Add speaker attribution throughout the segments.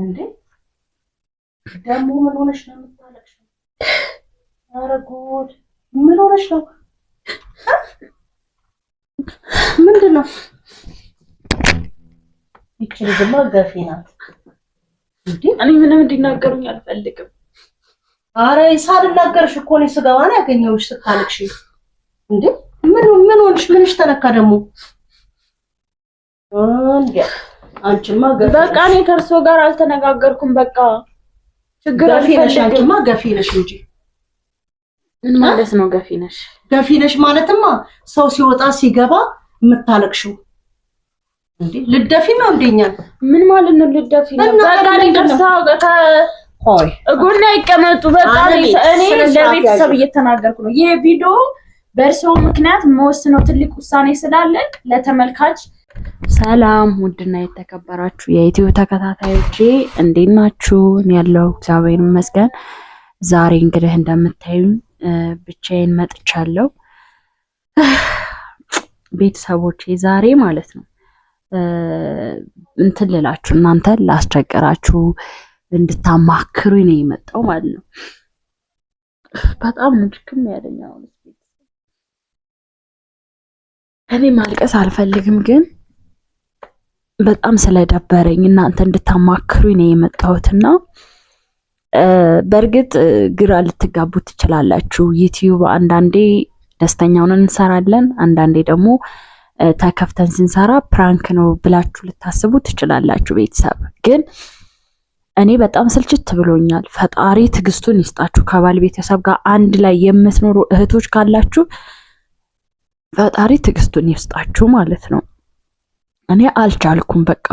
Speaker 1: እንዴ ደግሞ ምን ሆነሽ ነው የምታለቅሽው? ኧረ ጉድ! ምን ሆነሽ ነው? ምንድን ነው? ይቺ ልጅማ ገፊ ናት።
Speaker 2: እኔ ምንም እንዲናገሩኝ አልፈልግም።
Speaker 1: አረ ሳልናገርሽ እኮ እኔ ስገባ ነው ያገኘሁሽ ስታለቅሽ። እንዴ ምን ምን ሆንሽ? ምንሽ ተነካ ደግሞ እንዴ አንቺማ
Speaker 2: በቃ እኔ ከእርሶ ጋር አልተነጋገርኩም። በቃ
Speaker 1: ችግር አልፈልግም። አንቺማ ገፊ ነሽ እንጂ
Speaker 2: ምን ማለት ነው? ገፊ ነሽ
Speaker 1: ገፊ ነሽ ማለትማ ሰው ሲወጣ ሲገባ የምታለቅሽው እንዴ? ልደፊ ነው እንደኛል።
Speaker 2: ምን ማለት ነው ልደፊ ነው? በቃ እኔ ከርሳው ሆይ እጎና ይቀመጡ። በቃ እኔ ለቤተሰብ እየተናገርኩ ነው። ይሄ ቪዲዮ በእርሶ ምክንያት መወስነው ትልቅ ውሳኔ ስላለ ለተመልካች ሰላም ውድና የተከበራችሁ የኢትዮ ተከታታዮቼ እንዴት ናችሁ? ያለው እግዚአብሔር ይመስገን። ዛሬ እንግዲህ እንደምታዩኝ ብቻዬን መጥቻለሁ ቤተሰቦቼ። ዛሬ ማለት ነው እንትን ልላችሁ እናንተ ላስቸግራችሁ እንድታማክሩ ነው የመጣው ማለት ነው። በጣም ምድክም ያለኝ እኔ ማልቀስ አልፈልግም ግን በጣም ስለደበረኝ እናንተ እንድታማክሩኝ ነው የመጣሁትና በእርግጥ ግራ ልትጋቡ ትችላላችሁ። ዩቲዩብ አንዳንዴ ደስተኛ እንሰራለን፣ አንዳንዴ ደግሞ ተከፍተን ስንሰራ ፕራንክ ነው ብላችሁ ልታስቡ ትችላላችሁ። ቤተሰብ ግን እኔ በጣም ስልችት ብሎኛል። ፈጣሪ ትዕግስቱን ይስጣችሁ። ከባል ቤተሰብ ጋር አንድ ላይ የምትኖሩ እህቶች ካላችሁ ፈጣሪ ትዕግስቱን ይስጣችሁ ማለት ነው። እኔ አልቻልኩም። በቃ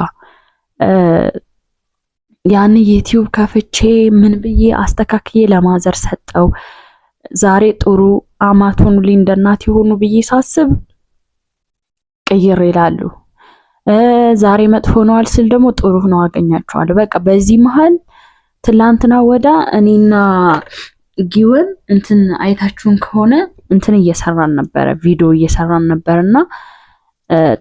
Speaker 2: ያን ዩቲዩብ ከፍቼ ምን ብዬ አስተካክዬ ለማዘር ሰጠው። ዛሬ ጥሩ አማት ሆኑልኝ እንደ እናት የሆኑ ብዬ ሳስብ ቅይር ይላሉ። ዛሬ መጥፎ ነዋል ስል ደግሞ ጥሩ ነው አገኛቸዋለሁ። በቃ በዚህ መሀል ትላንትና ወዳ እኔና ጊወን እንትን አይታችሁን ከሆነ እንትን እየሰራን ነበረ ቪዲዮ እየሰራን ነበርና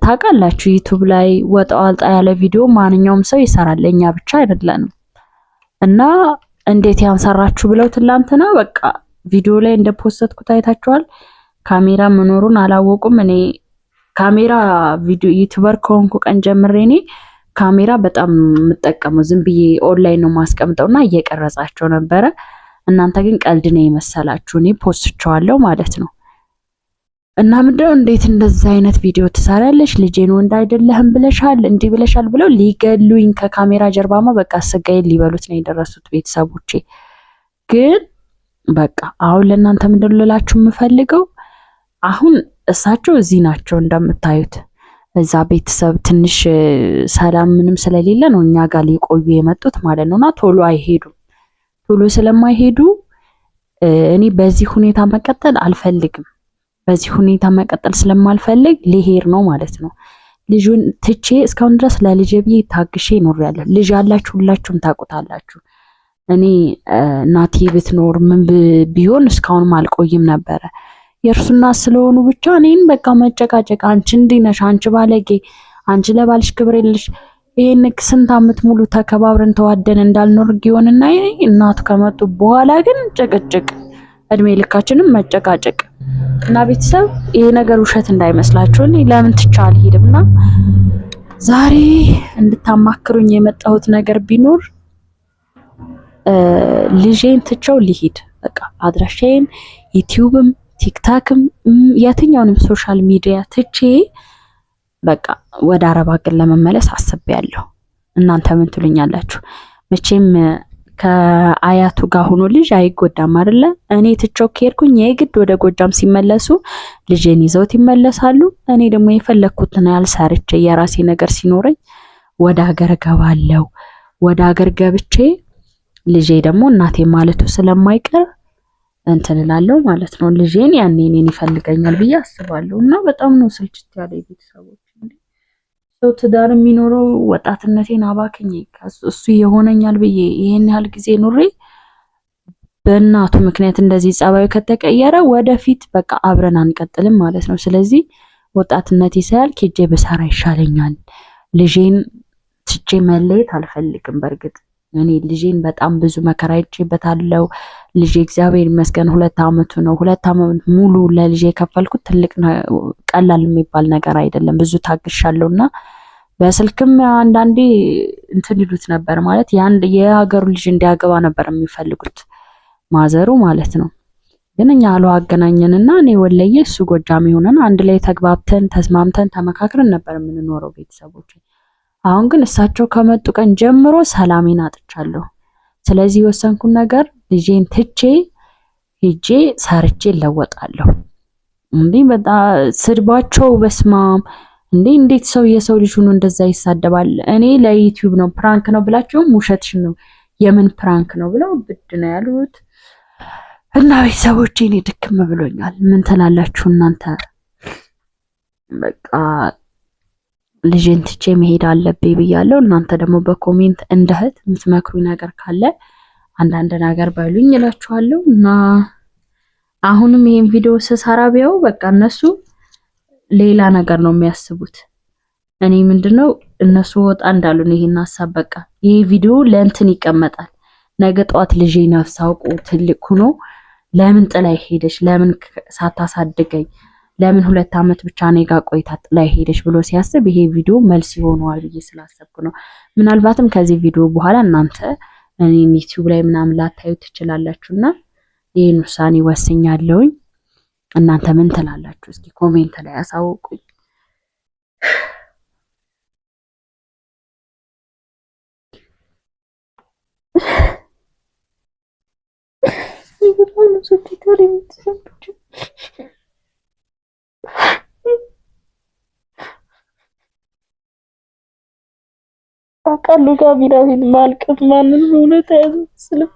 Speaker 2: ታውቃላችሁ ዩቱብ ላይ ወጣ ዋልጣ ያለ ቪዲዮ ማንኛውም ሰው ይሰራል፣ ለእኛ ብቻ አይደለንም። እና እንዴት ያንሰራችሁ ብለው ትላንትና በቃ ቪዲዮ ላይ እንደፖስተትኩ ታይታችኋል። ካሜራ መኖሩን አላወቁም። እኔ ካሜራ ቪዲዮ ዩቱበር ከሆንኩ ቀን ጀምሬ እኔ ካሜራ በጣም የምጠቀመው ዝም ብዬ ኦንላይን ነው ማስቀምጠው እና እየቀረጻቸው ነበረ። እናንተ ግን ቀልድ ነው የመሰላችሁ። እኔ ፖስቸዋለሁ ማለት ነው። እና ምንድነው እንዴት እንደዛ አይነት ቪዲዮ ትሰራለች ልጄን ወንድ አይደለህም ብለሻል፣ እንዲህ ብለሻል ብለው ሊገሉኝ ከካሜራ ጀርባማ በቃ ስጋዬን ሊበሉት ነው የደረሱት ቤተሰቦቼ። ግን በቃ አሁን ለእናንተ ምንድን ልላችሁ የምፈልገው አሁን እሳቸው እዚህ ናቸው እንደምታዩት። እዛ ቤተሰብ ትንሽ ሰላም ምንም ስለሌለ ነው እኛ ጋር ሊቆዩ የመጡት ማለት ነው። እና ቶሎ አይሄዱም። ቶሎ ስለማይሄዱ እኔ በዚህ ሁኔታ መቀጠል አልፈልግም። በዚህ ሁኔታ መቀጠል ስለማልፈልግ ልሄድ ነው ማለት ነው። ልጁን ትቼ እስካሁን ድረስ ለልጄ ብዬ ታግሼ እኖራለሁ። ልጅ ያላችሁ ሁላችሁም ታውቁታላችሁ። እኔ እናቴ ብትኖር ምን ቢሆን እስካሁንም አልቆይም ነበረ። የእርሱና ስለሆኑ ብቻ እኔን በቃ መጨቃጨቅ፣ አንቺ እንዲህ ነሽ፣ አንቺ ባለጌ፣ አንቺ ለባልሽ ክብር የለሽ ይህን ስንት ዓመት ሙሉ ተከባብረን ተዋደን እንዳልኖር ጊዮንና እናቱ ከመጡ በኋላ ግን ጭቅጭቅ እድሜ ልካችንም መጨቃጨቅ እና ቤተሰብ ይሄ ነገር ውሸት እንዳይመስላችሁ። እኔ ለምን ትቼ አልሄድም እና ዛሬ እንድታማክሩኝ የመጣሁት ነገር ቢኖር ልጄን ትቸው ሊሄድ በቃ አድራሻዬን ዩቲዩብም ቲክታክም የትኛውንም ሶሻል ሚዲያ ትቼ በቃ ወደ አረብ ሀገር ለመመለስ አስቤያለሁ። እናንተ ምን ትሉኛላችሁ? መቼም ከአያቱ ጋር ሆኖ ልጅ አይጎዳም አይደለ? እኔ ትቼው ከሄድኩኝ የግድ ወደ ጎጃም ሲመለሱ ልጄን ይዘውት ይመለሳሉ። እኔ ደግሞ የፈለግኩትን ያልሰርቼ የራሴ ነገር ሲኖረኝ ወደ ሀገር ገባለው። ወደ ሀገር ገብቼ ልጄ ደግሞ እናቴ ማለቱ ስለማይቀር እንትን እላለሁ ማለት ነው። ልጄን ያኔ እኔን ይፈልገኛል ብዬ አስባለሁ። እና በጣም ነው ስልችት ያለ ቤተሰቦች ሰው ትዳር የሚኖረው ወጣትነቴን አባክኝ እሱ የሆነኛል ብዬ ይሄን ያህል ጊዜ ኑሬ በእናቱ ምክንያት እንደዚህ ጸባዩ ከተቀየረ ወደፊት በቃ አብረን አንቀጥልም ማለት ነው። ስለዚህ ወጣትነቴ ሳያልቅ ሄጄ ብሰራ ይሻለኛል። ልጄን ትቼ መለየት አልፈልግም በእርግጥ እኔ ልጄን በጣም ብዙ መከራ ይቼበታለሁ። ልጄ እግዚአብሔር ይመስገን ሁለት ዓመቱ ነው። ሁለት ዓመት ሙሉ ለልጄ የከፈልኩት ትልቅ ቀላል የሚባል ነገር አይደለም። ብዙ ታግሻለሁ እና በስልክም አንዳንዴ እንትን ይሉት ነበር ማለት የሀገሩ ልጅ እንዲያገባ ነበር የሚፈልጉት ማዘሩ ማለት ነው። ግን እኛ አሉ አገናኘንና እኔ ወለየ እሱ ጎጃም የሆነን አንድ ላይ ተግባብተን ተስማምተን ተመካክረን ነበር የምንኖረው ቤተሰቦች አሁን ግን እሳቸው ከመጡ ቀን ጀምሮ ሰላሜን አጥቻለሁ። ስለዚህ የወሰንኩን ነገር ልጄን ትቼ ሄጄ ሰርቼ እለወጣለሁ። እንዴ በጣም ስድባቸው በስማም እንዴ! እንዴት ሰው የሰው ልጅ ሆኖ እንደዛ ይሳደባል? እኔ ለዩቲዩብ ነው ፕራንክ ነው ብላችሁም ውሸትሽ ነው የምን ፕራንክ ነው ብለው ብድ ነው ያሉት። እና ቤተሰቦቼ እኔ ድክም ብሎኛል። ምን ትላላችሁ እናንተ? በቃ ልጅንትቼ ትቼ መሄድ አለብኝ ብያለሁ። እናንተ ደግሞ በኮሜንት እንደ እህት ነገር ካለ አንዳንድ ነገር በሉኝ እላችኋለሁ። እና አሁንም ይህን ቪዲዮ ስሰራ ቢያው በቃ እነሱ ሌላ ነገር ነው የሚያስቡት። እኔ ነው እነሱ ወጣ እንዳሉ ነው ይሄን ሀሳብ በቃ ይሄ ቪዲዮ ለእንትን ይቀመጣል። ነገ ጠዋት ልጄ ነፍስ አውቆ ትልቅ ሁኖ ለምን ጥላይ ሄደች፣ ለምን ሳታሳድገኝ ለምን ሁለት ዓመት ብቻ እኔ ጋር ቆይታ ላይ ሄደች ብሎ ሲያስብ ይሄ ቪዲዮ መልስ ይሆነዋል ብዬ ስላሰብኩ ነው። ምናልባትም ከዚህ ቪዲዮ በኋላ እናንተ እኔን ዩቲዩብ ላይ ምናምን ላታዩ ትችላላችሁ እና ይህን ውሳኔ ወስኛለሁኝ። እናንተ ምን ትላላችሁ? እስኪ ኮሜንት ላይ አሳውቁኝ። አውቃለሁ። ካሜራ ማልቀፍ ማንንም እውነት አያሳስልም።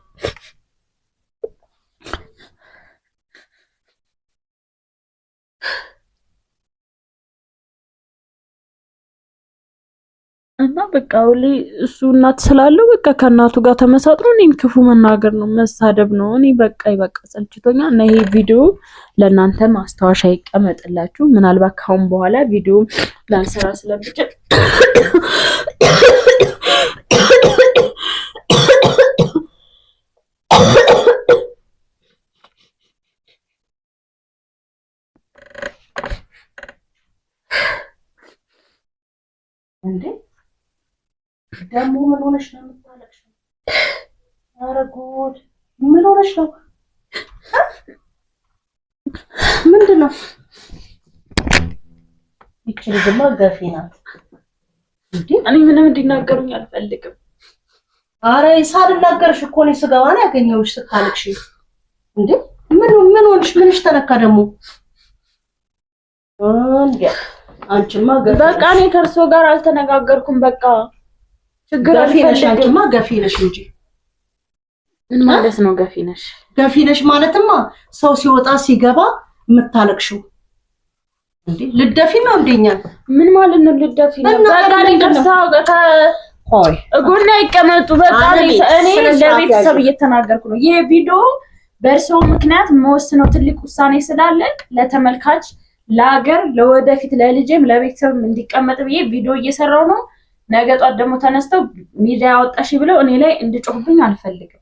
Speaker 2: እና በቃ ሁሌ እሱ እናት ስላለው በቃ ከእናቱ ጋር ተመሳጥሮ እኔን ክፉ መናገር ነው መሳደብ ነው። እኔ በቃ በቃ ሰልችቶኛ እና ይሄ ቪዲዮ ለእናንተ ማስታወሻ ይቀመጥላችሁ። ምናልባት ካሁን በኋላ ቪዲዮ ላንሰራ ስለምችል
Speaker 1: እንዴ ደግሞ ምን ሆነሽ ነው የምታለቅሽው? ኧረ ጉድ! ምን ሆነሽ ነው? ምንድን ነው? ይቺ ልጅማ ገፊ ናት። እኔ ምንም እንዲናገሩኝ አልፈልግም። አረ ሳልናገርሽ እኮ እኔ ስገባ ነው ያገኘሁሽ ስታለቅሽ። እንዴ ምን ምን ሆንሽ? ምንሽ ተነካ ደግሞ? አንቺማ ገፊ
Speaker 2: በቃ እኔ ከእርሶ ጋር አልተነጋገርኩም በቃ
Speaker 1: ችግር አንቺማ ገፊ ነሽ እንጂ
Speaker 2: ምን ማለት ነው? ገፊ ነሽ
Speaker 1: ገፊ ነሽ ማለትማ ሰው ሲወጣ ሲገባ የምታለቅሽው እንዴ? ልደፊ ነው እንደኛል።
Speaker 2: ምን ማለት ነው ልደፊ ነው? እጎና ይቀመጡ። በቃ እኔ ለቤተሰብ እየተናገርኩ ነው። ይሄ ቪዲዮ በእርስዎ ምክንያት መወስነው ትልቅ ውሳኔ ስላለ ለተመልካች፣ ለሀገር፣ ለወደፊት፣ ለልጄም ለቤተሰብም እንዲቀመጥ ብዬ ቪዲዮ እየሰራው ነው ነገ ጧት ደግሞ ተነስተው ሚዲያ ያወጣሽ ብለው እኔ ላይ እንድጮህብኝ አልፈልግም።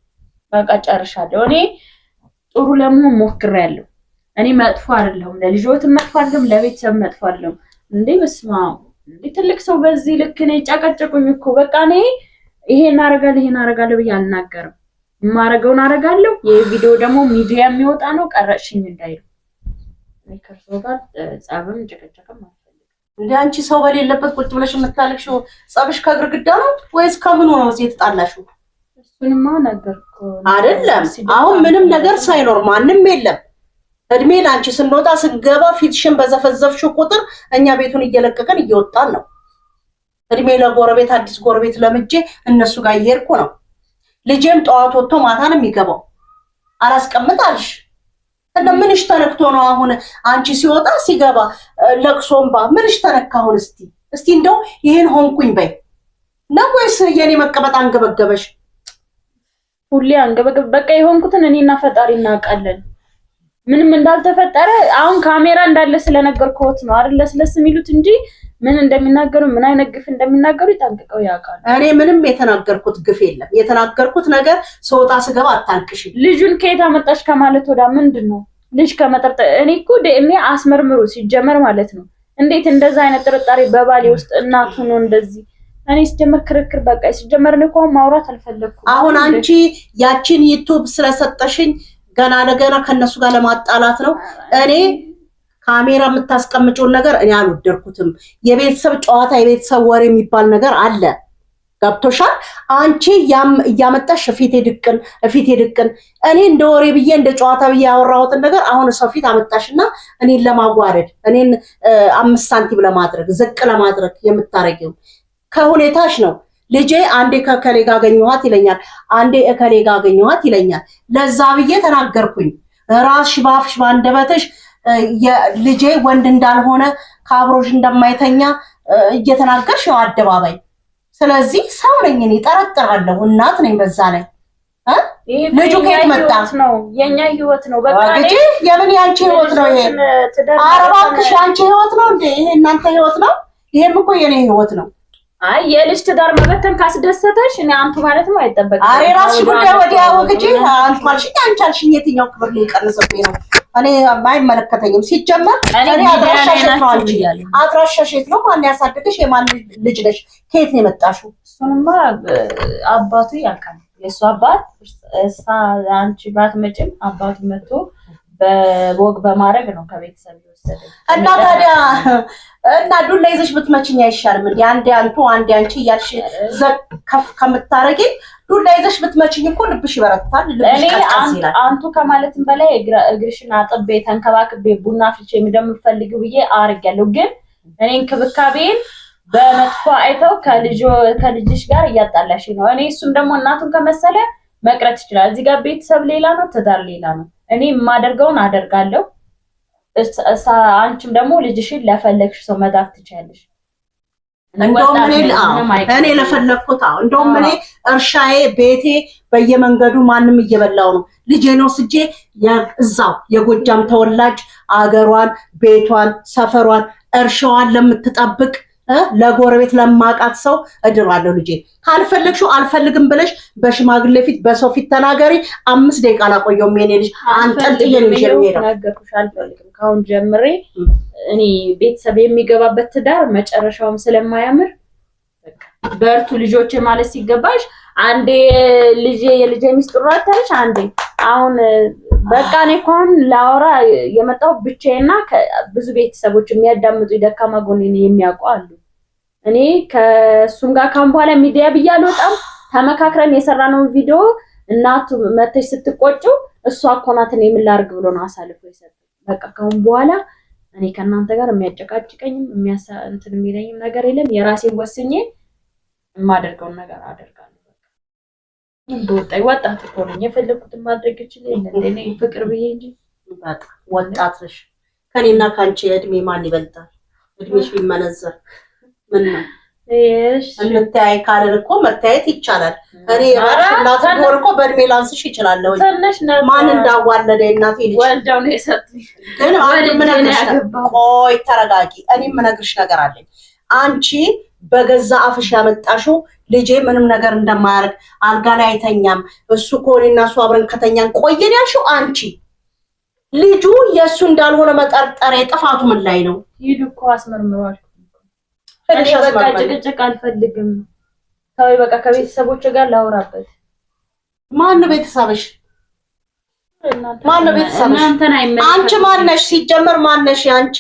Speaker 2: በቃ ጨርሻለሁ። እኔ ጥሩ ለመሆን ሞክሬያለሁ። እኔ መጥፎ አይደለሁም። ለልጆትም መጥፎ አይደለሁም። ለቤተሰብ መጥፎ አይደለሁም። እንዴ በስማ እንዴ ትልቅ ሰው በዚህ ልክ እኔ ጨቀጨቁኝ እኮ በቃ እኔ ይሄን አረጋለ ይሄን አረጋለሁ ብዬ አልናገርም። ማረገውን አረጋለሁ። ይህ ቪዲዮ ደግሞ ሚዲያ የሚወጣ ነው። ቀረጥሽኝ እንዳይሉ ከእርሶ ጋር
Speaker 1: ጸብም ጭቅጭቅም እንደ አንቺ ሰው በሌለበት ቁጭ ብለሽ የምታለቅሽው ጸብሽ ከግርግዳ ነው ወይስ ከምኑ ነው እዚህ የተጣላሽው?
Speaker 2: እሱንማ ነገርኩ
Speaker 1: አይደለም። አሁን ምንም ነገር ሳይኖር ማንም የለም። እድሜ ለአንቺ ስንወጣ ስገባ ፊትሽን በዘፈዘፍሽው ቁጥር እኛ ቤቱን እየለቀቀን እየወጣን ነው። እድሜ ለጎረቤት አዲስ ጎረቤት ለምጄ እነሱ ጋር እየሄድኩ ነው። ልጄም ጠዋት ወጥቶ ማታ ነው የሚገባው። አላስቀምጥ አልሽ እና ምንሽ ተነክቶ ነው አሁን አንቺ ሲወጣ ሲገባ ለቅሶምባ ምንሽ ተነካ? አሁን እስቲ እስቲ እንደው ይሄን ሆንኩኝ በይ ነው ወይስ የኔ መቀመጥ አንገበገበሽ?
Speaker 2: ሁሌ አንገበገብ በቃ የሆንኩትን እኔና ፈጣሪ እናውቃለን። ምንም እንዳልተፈጠረ አሁን ካሜራ እንዳለ ስለነገርኩት ነው አይደል ለስለስ የሚሉት እንጂ ምን እንደሚናገሩ ምን አይነት ግፍ እንደሚናገሩ ይጠንቅቀው ያውቃሉ።
Speaker 1: እኔ ምንም የተናገርኩት ግፍ የለም። የተናገርኩት ነገር ሶጣ ስገባ አታንቅሽ፣
Speaker 2: ልጁን ከየት አመጣሽ ከማለት ወዳ ምንድን ነው ልጅ ከመጠርጠር እኔ እኮ አስመርምሩ ሲጀመር ማለት ነው። እንዴት እንደዛ አይነት ጥርጣሬ በባሌ ውስጥ እናቱ ነው እንደዚህ እኔ ሲጀመር ክርክር በቃ ሲጀመር እኮ ማውራት አልፈለግኩም።
Speaker 1: አሁን አንቺ ያቺን ዩቱብ ስለሰጠሽኝ ገና ለገና ከነሱ ጋር ለማጣላት ነው እኔ ካሜራ የምታስቀምጨውን ነገር እኔ አልወደድኩትም። የቤተሰብ ጨዋታ፣ የቤተሰብ ወሬ የሚባል ነገር አለ። ገብቶሻል። አንቺ እያመጣሽ ፊቴ ድቅን እፊቴ ድቅን። እኔ እንደ ወሬ ብዬ እንደ ጨዋታ ብዬ ያወራሁትን ነገር አሁን ሰው ፊት አመጣሽና እኔን ለማዋረድ እኔን አምስት ሳንቲም ለማድረግ ዝቅ ለማድረግ የምታረጊው ከሁኔታሽ ነው። ልጄ አንዴ ከእከሌ ጋር አገኘኋት ይለኛል፣ አንዴ እከሌ ጋር አገኘኋት ይለኛል። ለዛ ብዬ ተናገርኩኝ። ራስሽ በአፍሽ በአንደበትሽ የልጄ ወንድ እንዳልሆነ ከአብሮሽ እንደማይተኛ እየተናገርሽ ያው አደባባይ። ስለዚህ ሰው ነኝ እኔ ጠረጥራለሁ። እናት ነኝ በዛ ላይ ልጁ ከየት መጣ
Speaker 2: ነው? የኛ ህይወት ነው። በቃ
Speaker 1: የምን ያንቺ ህይወት ነው? ይሄ አረባክሽ ያንቺ ህይወት ነው እንዴ? ይሄ እናንተ ህይወት ነው? ይሄም እኮ የኔ ህይወት ነው።
Speaker 2: አይ የልጅ ትዳር መበተን ካስደሰተሽ እኔ አንቱ ማለት ነው አይጠበቅም።
Speaker 1: አሬ ራስሽ ጉዳይ ወዲያ ወግጂ አንቱ አልሽኝ አንቺ አልሽኝ የትኛው ክብር ነው ሊቀንስብኝ ነው? እኔ አይመለከተኝም። ሲጀመር እኔ አድራሻሽ የት ነው? ማን ያሳደገሽ? የማን ልጅ ነሽ? ከየት ነው የመጣሽው?
Speaker 2: እሱንማ አባቱ ያውቃል። የእሱ አባት እሳ አንቺ ባትመጪም አባቱ መጥቶ በወግ በማድረግ ነው ከቤተሰብ የወሰደ
Speaker 1: እና ታዲያ እና ዱላ ይዘሽ ብትመችኝ አይሻልም? እንደ አንዴ አንቱ አንዴ አንቺ እያልሽ ዘግ ከምታረጊ ዱላ ይዘሽ ብትመችኝ እኮ ልብሽ ይበረታል። እኔ
Speaker 2: አንቱ ከማለትም በላይ እግርሽን አጥቤ ተንከባክቤ ቡና አፍልቼ እንደምፈልጊው ብዬ አርጋለሁ። ግን እኔ እንክብካቤን በመጥፎ አይተው ከልጆ ከልጅሽ ጋር እያጣላሽ ነው። እኔ እሱም ደግሞ እናቱን ከመሰለ መቅረት ይችላል። እዚህ ጋር ቤተሰብ ሌላ ነው፣ ትዳር ሌላ ነው። እኔ የማደርገውን አደርጋለሁ። አንቺም ደግሞ ልጅሽን ለፈለግሽ ሰው መዳፍ ትችያለሽ።
Speaker 1: እኔ ለፈለግኩት አዎ፣ እንደውም እኔ እርሻዬ፣ ቤቴ በየመንገዱ ማንም እየበላው ነው ልጄ ነው ስጄ እዛው የጎጃም ተወላጅ አገሯን፣ ቤቷን፣ ሰፈሯን፣ እርሻዋን ለምትጠብቅ ለጎረቤት ለማቃት ሰው እድራለሁ። ልጄ ካልፈለግሽው አልፈልግም ብለሽ በሽማግሌ ፊት በሰው ፊት ተናገሪ። አምስት ደቂቃ አላቆየውም የኔ ልጅ አንጠልጥዬ ነው ይዤ
Speaker 2: ነው ከአሁን ጀምሬ እኔ ቤተሰብ የሚገባበት ትዳር መጨረሻውም ስለማያምር በርቱ ልጆች ማለት ሲገባሽ አንዴ ልጄ የልጄ ሚስጥሩ አታለሽ አንዴ አሁን በቃ እኔ እኮ አሁን ላወራ የመጣው ብቻዬና ብዙ ቤተሰቦች የሚያዳምጡ ደካማ ጎኔን የሚያውቁ አሉ። እኔ ከእሱም ጋር ካሁን በኋላ ሚዲያ ብዬ አልወጣም። ተመካክረን የሰራነውን ቪዲዮ እናቱ መተሽ ስትቆጩ እሷ እኮ ናት እኔ ምን ብሎ ነው አሳልፎ የሰጠው። በቃ ካሁን በኋላ እኔ ከእናንተ ጋር የሚያጨቃጭቀኝም እንትን የሚለኝም ነገር የለም። የራሴን ወስኜ የማደርገውን ነገር አደርጋለሁ። በወጣ ወጣት እኮ ነኝ። የፈለኩትን ማድረግ ይችል ለ ፍቅር ብዬ እንጂ
Speaker 1: ወጣት ነሽ። ከኔና ከአንቺ እድሜ ማን ይበልጣል? እድሜሽ ቢመነዘር ምን ነው እንተያይ ካልን እኮ መታየት ይቻላል። እኔ እናት ሆን እኮ በእድሜ ላንስሽ ይችላለሁ። ማን እንዳዋለደ እናቴ አንድ ቆይ ተረጋጊ። እኔ ነገር አለኝ። አንቺ በገዛ አፍሽ ያመጣሽው ልጄ ምንም ነገር እንደማያደርግ አልጋ ላይ አይተኛም እሱ ከሆነ እና እሱ አብረን ከተኛን ቆየን ያልሽው አንቺ ልጁ የእሱ እንዳልሆነ መጠርጠሪያ ጥፋቱ ምን ላይ ነው?
Speaker 2: ሂዱ እኮ አስመርምሯል እኔ በቃ ጭቅጭቅ አልፈልግም። ተወይ በቃ ከቤተሰቦች ጋር ላውራበት።
Speaker 1: ማነው ቤተሰብሽ? ማነው ቤተሰብሽ? አንቺ ማነሽ? ሲጀመር ማነሽ አንቺ?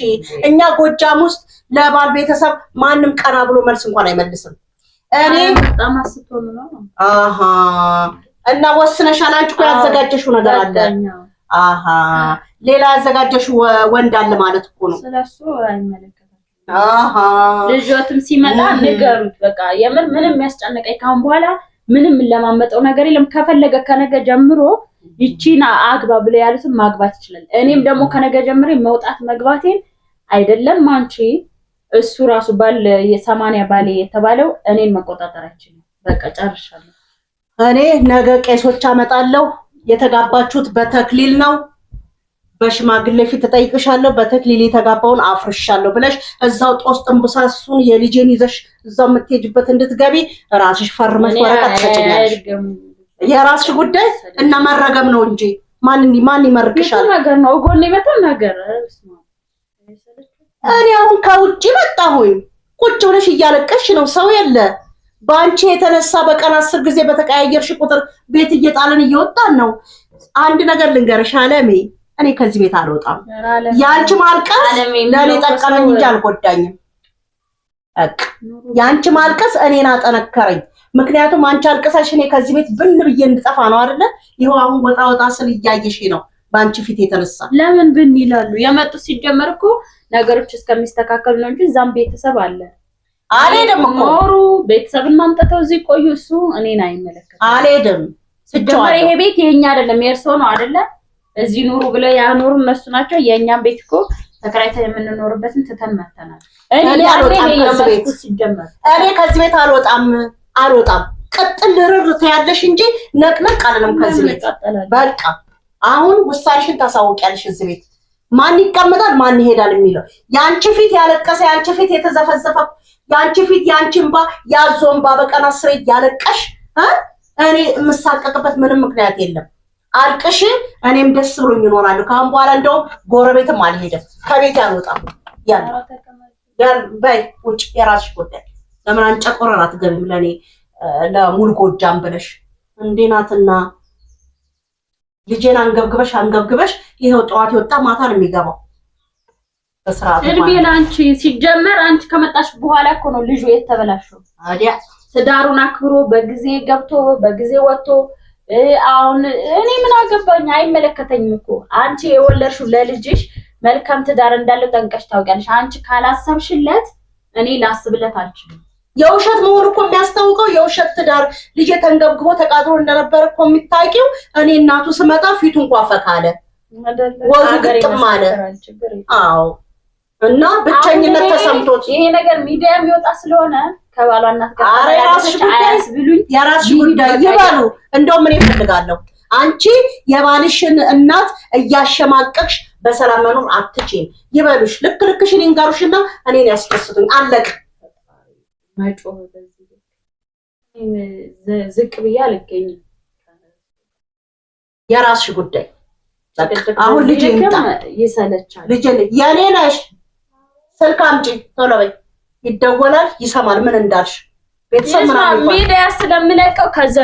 Speaker 1: እኛ ጎጃም ውስጥ ለባል ቤተሰብ ማንም ቀና ብሎ መልስ እንኳን አይመልስም። እኔ እና ወስነሻል። አንቺ እኮ ያዘጋጀሽው ነገር አለ። ሌላ ያዘጋጀሽው ወንድ አለ ማለት እኮ ነው።
Speaker 2: ስለሱ ልጆትም ሲመጣ ንገሩት። በቃ የምር ምንም የሚያስጨንቀኝ ካሁን በኋላ ምንም የምለማመጠው ነገር የለም። ከፈለገ ከነገ ጀምሮ ይቺን አግባ ብለው ያሉትን ማግባት ይችላል። እኔም ደግሞ ከነገ ጀምሬ መውጣት መግባቴን አይደለም አንቺ እሱ ራሱ ባል የሰማንያ ባሌ የተባለው እኔን መቆጣጠር አይችልም። በቃ ጨርሻለሁ።
Speaker 1: እኔ ነገ ቄሶች አመጣለሁ። የተጋባችሁት በተክሊል ነው። በሽማግሌ ፊት ተጠይቅሻለሁ፣ በተክሊል የተጋባውን አፍርሻለሁ ብለሽ እዛው ጦስ ብሳሱን እሱን ይዘሽ እዛው የምትሄጅበት እንድትገቢ ራስሽ ፈርመሽ ወረቀት ትሰጭኛለሽ። የራስሽ ጉዳይ እና መረገም ነው እንጂ ማን ማን ይመርቅሻል?
Speaker 2: ነገር ነው ጎን በጣም ነገር
Speaker 1: እኔ አሁን ከውጭ መጣሁኝ። ቁጭ ብለሽ እያለቀሽ ነው። ሰው የለ በአንቺ የተነሳ በቀን አስር ጊዜ በተቀያየርሽ ቁጥር ቤት እየጣለን እየወጣን ነው። አንድ ነገር ልንገርሽ አለሜ እኔ ከዚህ ቤት አልወጣም። ያንቺ ማልቀስ ለእኔ ጠቀመኝ እንጂ አልጎዳኝም። በቃ ያንቺ ማልቀስ እኔን አጠነከረኝ። ምክንያቱም አንቺ አልቅሰሽ እኔ ከዚህ ቤት ብን ብዬ እንድጠፋ ነው አይደለ? ይኸው አሁን ወጣ ወጣ ስል እያየሽ ነው በአንቺ ፊት የተነሳ
Speaker 2: ለምን ብን ይላሉ የመጡት። ሲጀመር እኮ ነገሮች እስከሚስተካከሉ ነው እንጂ እዛም ቤተሰብ አለ። አልሄድም እኮ ኖሩ ቤተሰብን ማምጠተው እዚህ ቆዩ። እሱ እኔን አይመለከትም። አልሄድም። ሲጀመር ይሄ ቤት ይሄኛ አይደለም የእርስዎ ነው አይደለ? እዚህ ኑሩ ብለው ያኖሩ እነሱ ናቸው። የእኛም ቤት እኮ ተከራይታ የምንኖርበትን ትተን መተናል።
Speaker 1: እኔ አልወጣም ከዚህ ቤት አልወጣም፣ አልወጣም። ቀጥል ርር ትያለሽ እንጂ ነቅነቅ አለንም ከዚህ ቤት በቃ። አሁን ውሳኔሽን ታሳውቂያለሽ። እዚህ ቤት ማን ይቀመጣል ማን ይሄዳል የሚለው የአንቺ ፊት ያለቀሰ የአንቺ ፊት የተዘፈዘፈ የአንቺ ፊት የአንቺ እንባ ያዞ እንባ በቀን አስሬ ያለቀሽ እኔ የምሳቀቅበት ምንም ምክንያት የለም። አልቅሽ፣ እኔም ደስ ብሎኝ ይኖራለሁ። ካሁን በኋላ እንደውም ጎረቤትም አልሄድም፣ ከቤት አልወጣም። በይ ውጭ፣ የራስሽ ጉዳይ። ለምን አንጨቆረን አትገቢም? ለእኔ ለሙሉ ጎጃም ብለሽ እንዴናትና ናትና ልጄን አንገብግበሽ አንገብግበሽ፣ ይኸው ጠዋት የወጣ ማታ ነው የሚገባው።
Speaker 2: እድሜን አንቺ ሲጀመር አንቺ ከመጣሽ በኋላ እኮ ነው ልጁ የተበላሸው። ታዲያ ትዳሩን አክብሮ በጊዜ ገብቶ በጊዜ ወጥቶ አሁን እኔ ምን አገባኝ? አይመለከተኝም እኮ አንቺ የወለድሽው ለልጅሽ መልካም ትዳር እንዳለ ጠንቀሽ ታውቂያለሽ። አንቺ ካላሰብሽለት እኔ ላስብለት አልችልም።
Speaker 1: የውሸት መሆኑ እኮ የሚያስታውቀው የውሸት ትዳር ልጅ ተንገብግቦ ተቃጥሮ እንደነበረ እኮ የሚታቂው። እኔ እናቱ ስመጣ ፊቱ እንኳን ፈካለ፣ ወዙ ግጥም አለ። አዎ እና ብቸኝነት ተሰምቶት
Speaker 2: ይሄ ነገር ሚዲያ የሚወጣ ስለሆነ ከባሏ እናት
Speaker 1: ጋር የራስሽ ጉዳይ ይባሉ። እንደውም እኔ እፈልጋለሁ አንቺ የባልሽን እናት እያሸማቀቅሽ በሰላም መኖር አትችይም ይበሉሽ። ልክ ልክሽን ይንገሩሽና እኔን ያስደስቱኝ። አለቅ
Speaker 2: ዝቅ ብዬ አልገኝም።
Speaker 1: የራስሽ ጉዳይ አሁን ልጅ ይምጣ።
Speaker 2: ይሰለቻል።
Speaker 1: ልጅ የኔ ነሽ ስልክ አምጪ ቶሎ በይ። ይደወላል፣ ይሰማል ምን እንዳልሽ።
Speaker 2: ቤተሰብ ምናምን ሚዲያ ስለምለቀው ከዛ